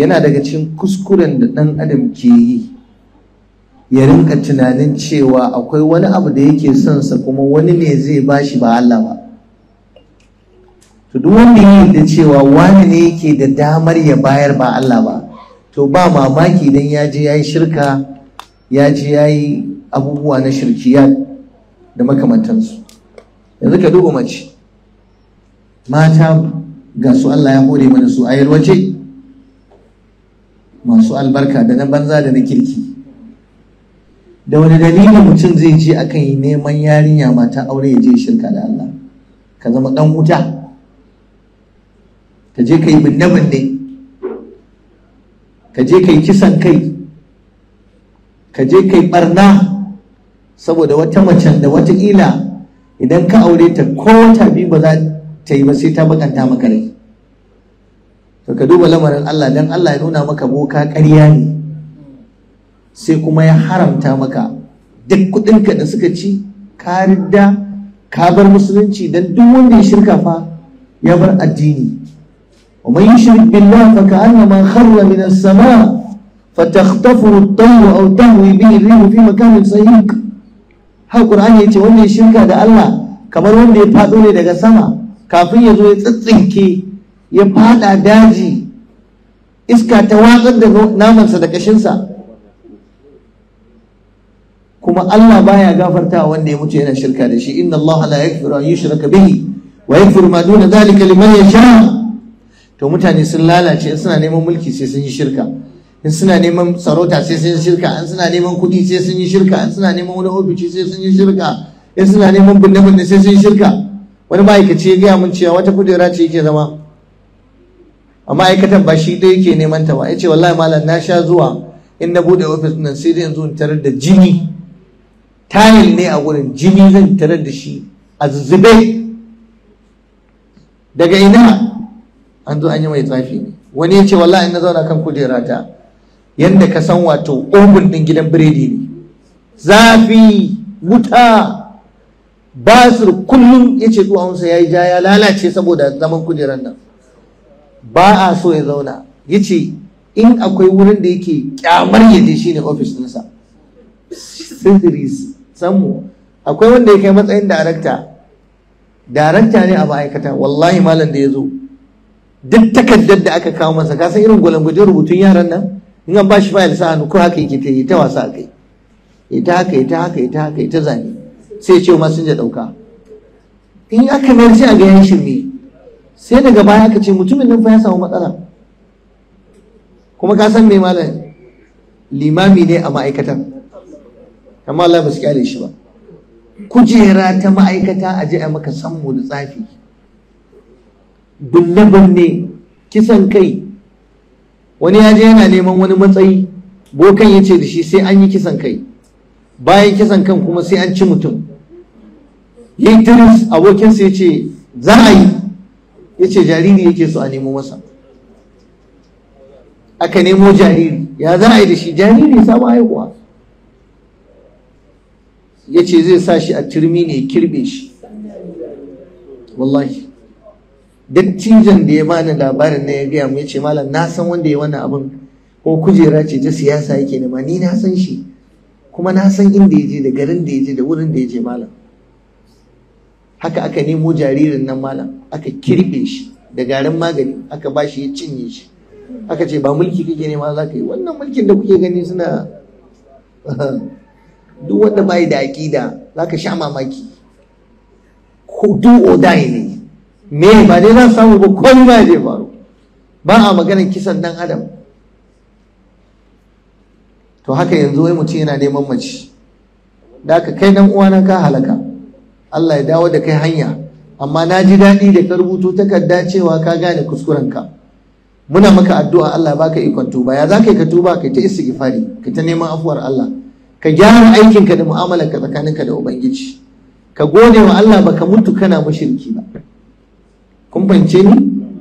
yana daga cikin kuskuren da ɗan adam ke yi ya rinka tunanin cewa akwai wani abu da yake son sa kuma wani ne zai bashi ba Allah ba to duk wanda yake da cewa wani ne yake da damar ya bayar ba Allah ba to ba mamaki dan ya je yayi shirka ya je yayi abubuwa na shirkiya da makamantansu yanzu ka duba mace mata ga su Allah ya hore mana su ayar waje masu albarka da na banza da na kirki da wani dalilin mutum zai je akan neman yarinya mata aure ya je shirka da Allah ka zama dan wuta ka je ka yi binne-binne ka je ka yi kisan kai ka je ka yi barna saboda wata macen da wata ila idan ka aure ta ko ta biyu ba za ta yi ba sai ta bakanta maka rai to ka duba lamarin Allah dan Allah ya nuna maka boka ƙarya ne sai kuma ya haramta maka duk kuɗinka da suka ci ka ridda ka bar musulunci dan duk wanda ya shirka fa ya bar addini ومن يشرك بالله فكأنما خر من السماء فتخطفه الطير أو تهوي به الريح في مكان سهيق har Qur'ani ya ce wanda ya shirka da Allah kamar wanda ya faɗo ne daga sama kafin ya zo ya tsitsinke ya fada daji iska ta watsar da namansa da kashinsa kuma Allah baya gafarta wanda ya mutu yana shirka da shi inna Allah la yaghfiru an yushraka bihi wa yaghfiru ma duna dhalika liman yasha to mutane sun lalace in suna neman mulki sai sun yi shirka in suna neman sarauta sai sun yi shirka in suna neman kuɗi sai sun yi shirka in suna neman wani ofici sai sun yi shirka in suna neman binne-binne sai sun yi shirka wani ma'aikaci ya gaya mun cewa wata kujera ce yake zama a ma'aikatan ba shi ɗaya yake neman ta ba ya ce wallahi malam na sha zuwa in na buɗe ofis nan sai dai in tarar da jini tayil ne a wurin jini zan tarar da shi a zuzzube daga ina an zo an yi mai tsafi ne wani ya ce wallahi in na zauna kan kujera ta yadda ka san wato ogun ɗin gidan biredi ne zafi wuta basir kullum ya ce tsuwawunsa ya yi ja ya lalace saboda zaman kujeran nan ba a so ya zauna ya ce in akwai wurin da yake kyamar yaje shi ne ofis nasa samu akwai wanda ya kai matsayin darakta darakta ne a ma'aikata wallahi malam da ya zo duk takardar da aka kawo masa kasan irin gwalangwajin rubutun yaran nan in an ba shi fayil sa hannu ko haka yake ta yi ta wasa kai ta haka ta haka ta haka ta zane sai ce masu in aka mayar sai a ga yan shirme sai daga baya ka ce mutumin nan fa ya samu matsala kuma ka san me malam limami ne a ma'aikatan amma Allah ba su kyale shi ba kujera ta ma'aikata a je a maka sammu da tsafi bulle ne kisan kai wani ya je yana neman wani matsayi bokan ya ce da shi sai an yi kisan kai bayan kisan kan kuma sai an ci mutum yi tiris abokinsa ya ce za a yi ya ce jariri yake so a nemo masa aka nemo jariri ya za a yi da shi jariri samun haihuwa ya ce zai sa shi a turmi ne kirbe shi wallahi dattijan da ya bani labarin na ya gaya mu ya ce malam na san wanda ya wannan abin ko kujera ce ta siyasa yake nema ni na san shi kuma na san inda ya je da garin da ya je da wurin da ya je malam haka aka nemo jaririn nan malam aka kirbe shi da garin magani aka ba shi ya cinye shi aka ce ba mulki kake nema za ka yi wannan mulkin da kuke gani suna duk wanda ba da aƙida za ka sha mamaki ko do ne me ba dai za samu ba komai ba zai faru ba a maganar kisan dan adam to haka yanzu wai mutum yana neman mace da aka kai dan uwana ka halaka Allah ya dawo da kai hanya amma na ji daɗi da ka rubuto takarda cewa ka gane kuskurenka muna maka addu'a Allah baka ikon tuba ya za ka yi ka tuba ka ta istighfari ka ta neman afuwar Allah ka gyara aikinka da mu'amalarka tsakaninka da ubangiji ka gode wa Allah baka mutu kana mushriki ba kun fahimce ni